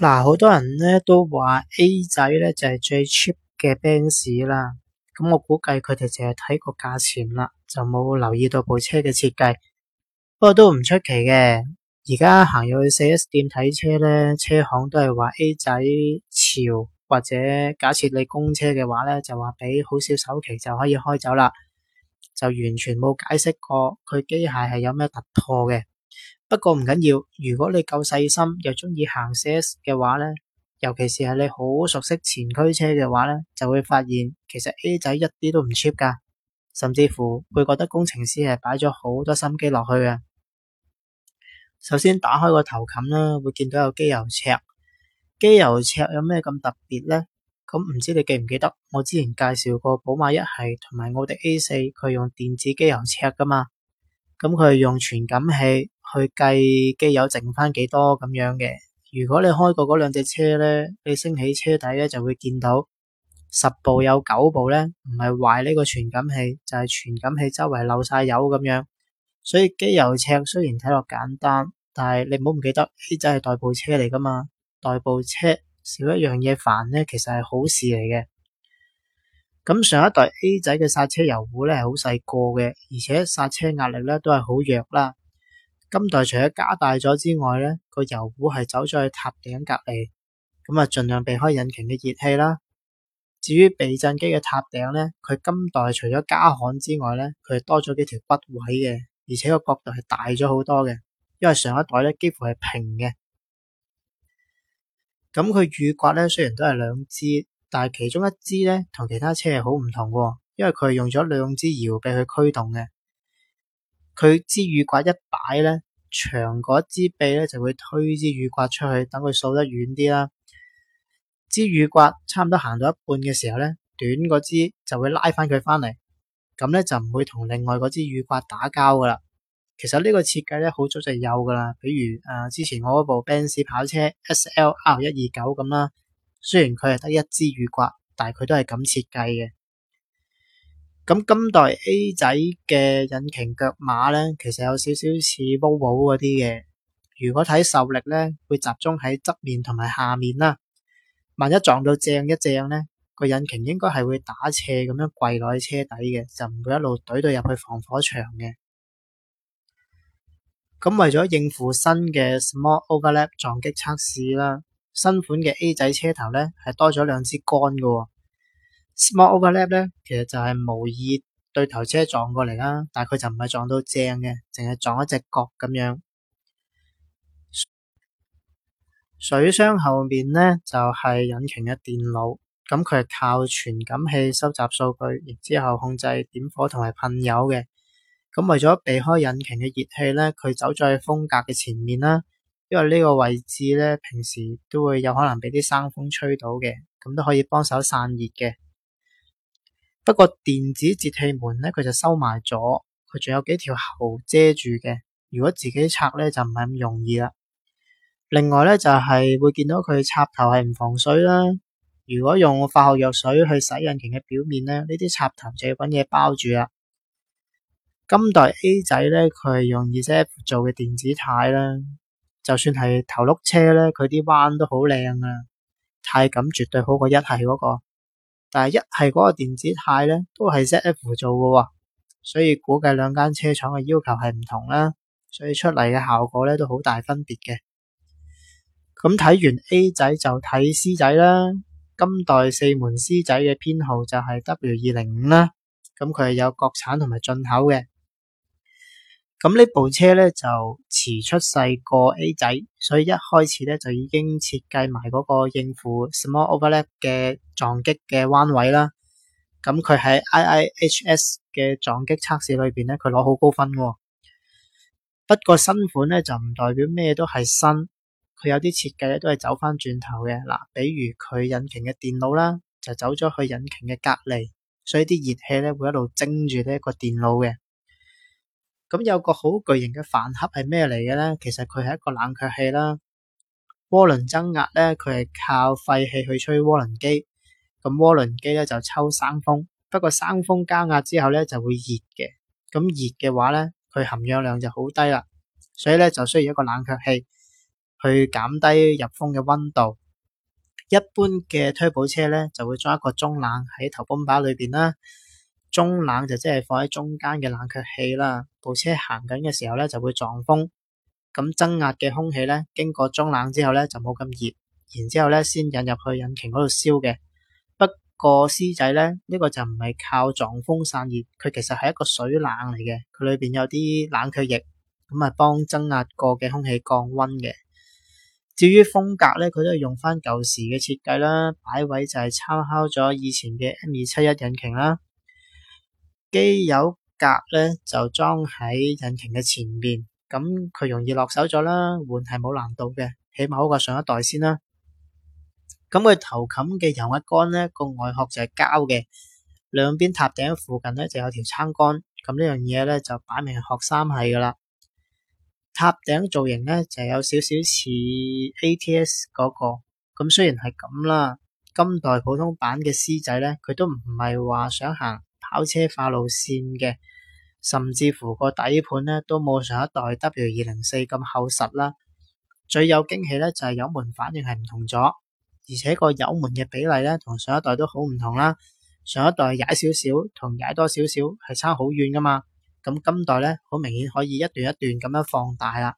嗱，好多人咧都話 A 仔咧就係最 cheap 嘅 Benz 啦，咁我估計佢哋淨係睇個價錢啦，就冇留意到部車嘅設計，不過都唔出奇嘅。而家行入去 4S 店睇車咧，車行都係話 A 仔潮，或者假設你公車嘅話咧，就話俾好少首期就可以開走啦，就完全冇解釋過佢機械係有咩突破嘅。不過唔緊要，如果你夠細心又中意行 4S 嘅話呢，尤其是係你好熟悉前驅車嘅話呢，就會發現其實 A 仔一啲都唔 cheap 噶，甚至乎會覺得工程師係擺咗好多心機落去嘅。首先打開個頭冚啦，會見到有機油尺。機油尺有咩咁特別呢？咁唔知你記唔記得我之前介紹過寶馬一系同埋奧迪 A 四，佢用電子機油尺噶嘛？咁佢係用傳感器。去計機油剩翻幾多咁樣嘅。如果你開過嗰兩隻車咧，你升起車底咧就會見到十部有九部咧，唔係壞呢個傳感器，就係傳感器周圍漏晒油咁樣。所以機油尺雖然睇落簡單，但係你唔好唔記得 A 仔係代步車嚟噶嘛，代步車少一樣嘢煩咧，其實係好事嚟嘅。咁上一代 A 仔嘅剎車油壺咧係好細個嘅，而且剎車壓力咧都係好弱啦。今代除咗加大咗之外呢，個油壺係走咗去塔頂隔籬，咁啊盡量避開引擎嘅熱氣啦。至於避震機嘅塔頂呢，佢今代除咗加焊之外呢，佢係多咗幾條骨位嘅，而且個角度係大咗好多嘅，因為上一代呢幾乎係平嘅。咁佢雨刮呢，雖然都係兩支，但係其中一支呢同其他車係好唔同嘅，因為佢係用咗兩支搖臂去驅動嘅。佢支雨刮一擺咧，長嗰支臂咧就會推支雨刮出去，等佢掃得遠啲啦。支雨刮差唔多行到一半嘅時候咧，短嗰支就會拉翻佢翻嚟，咁咧就唔會同另外嗰支雨刮打交噶啦。其實呢個設計咧好早就有噶啦，比如誒、啊、之前我嗰部奔馳跑車 S L R 一二九咁啦，雖然佢係得一支雨刮，但係佢都係咁設計嘅。咁今代 A 仔嘅引擎腳馬咧，其實有少少似 BUBB 嗰啲嘅。如果睇受力咧，會集中喺側面同埋下面啦。萬一撞到正一正咧，個引擎應該係會打斜咁樣跪落喺車底嘅，就唔會一路懟到入去防火牆嘅。咁為咗應付新嘅 Small Overlap 撞擊測試啦，新款嘅 A 仔車頭咧係多咗兩支杆噶。small overlap 咧，其實就係模擬對頭車撞過嚟啦，但係佢就唔係撞到正嘅，淨係撞一隻角咁樣。水箱後面呢，就係引擎嘅電腦，咁佢係靠傳感器收集數據，然之後控制點火同埋噴油嘅。咁為咗避開引擎嘅熱氣咧，佢走在風格嘅前面啦，因為呢個位置咧，平時都會有可能俾啲生風吹到嘅，咁都可以幫手散熱嘅。不過電子節氣門呢，佢就收埋咗，佢仲有幾條喉遮住嘅。如果自己拆呢，就唔係咁容易啦。另外呢，就係、是、會見到佢插頭係唔防水啦。如果用化學藥水去洗引擎嘅表面呢，呢啲插頭就要搵嘢包住啦。今代 A 仔呢，佢係用二 z 做嘅電子鈦啦。就算係頭碌車呢，佢啲彎都好靚啊，太感絕對好過一係嗰、那個。但係一係嗰個電子態咧，都係 ZF 做嘅，哦，所以估計兩間車廠嘅要求係唔同啦，所以出嚟嘅效果咧都好大分別嘅。咁睇完 A 仔就睇 C 仔啦，今代四門 C 仔嘅編號就係 W 二零五啦，咁佢係有國產同埋進口嘅。咁呢部車咧就遲出世過 A 仔，所以一開始咧就已經設計埋嗰個應付 small overlap 嘅撞擊嘅彎位啦。咁佢喺 IIHS 嘅撞擊測試裏邊咧，佢攞好高分嘅。不過新款咧就唔代表咩都係新，佢有啲設計咧都係走翻轉頭嘅。嗱，比如佢引擎嘅電腦啦，就走咗去引擎嘅隔離，所以啲熱氣咧會一路蒸住呢一個電腦嘅。咁有個好巨型嘅飯盒係咩嚟嘅呢？其實佢係一個冷卻器啦。渦輪增壓呢，佢係靠廢氣去吹渦輪機。咁渦輪機呢就抽生風，不過生風加壓之後呢就會熱嘅。咁熱嘅話呢，佢含氧量就好低啦，所以呢就需要一個冷卻器去減低入風嘅溫度。一般嘅 turbo 車呢，就會裝一個中冷喺頭泵把裏邊啦。中冷就即係放喺中間嘅冷卻器啦。部車行緊嘅時候咧就會撞風，咁增壓嘅空氣咧經過中冷之後咧就冇咁熱，然之後咧先引入去引擎嗰度燒嘅。不過 C 仔咧呢、呢個就唔係靠撞風散熱，佢其實係一個水冷嚟嘅，佢裏邊有啲冷卻液，咁啊幫增壓過嘅空氣降溫嘅。至於風格咧，佢都係用翻舊時嘅設計啦，擺位就係參考咗以前嘅 M 二七一引擎啦。機油格咧就裝喺引擎嘅前面，咁佢容易落手咗啦，換係冇難度嘅，起碼好過上一代先啦。咁佢頭冚嘅油壓桿呢，個外殼就係膠嘅，兩邊塔頂附近呢就有條撐桿，咁呢樣嘢呢就擺明係學三系噶啦。塔頂造型呢就有少少似 ATS 嗰個，咁雖然係咁啦，今代普通版嘅 C 仔呢，佢都唔係話想行跑車化路線嘅，甚至乎個底盤咧都冇上一代 W 二零四咁厚實啦。最有驚喜咧就係油門反應係唔同咗，而且個油門嘅比例咧同上一代都好唔同啦。上一代踩少少同踩多少少係差好遠噶嘛，咁今代咧好明顯可以一段一段咁樣放大啦。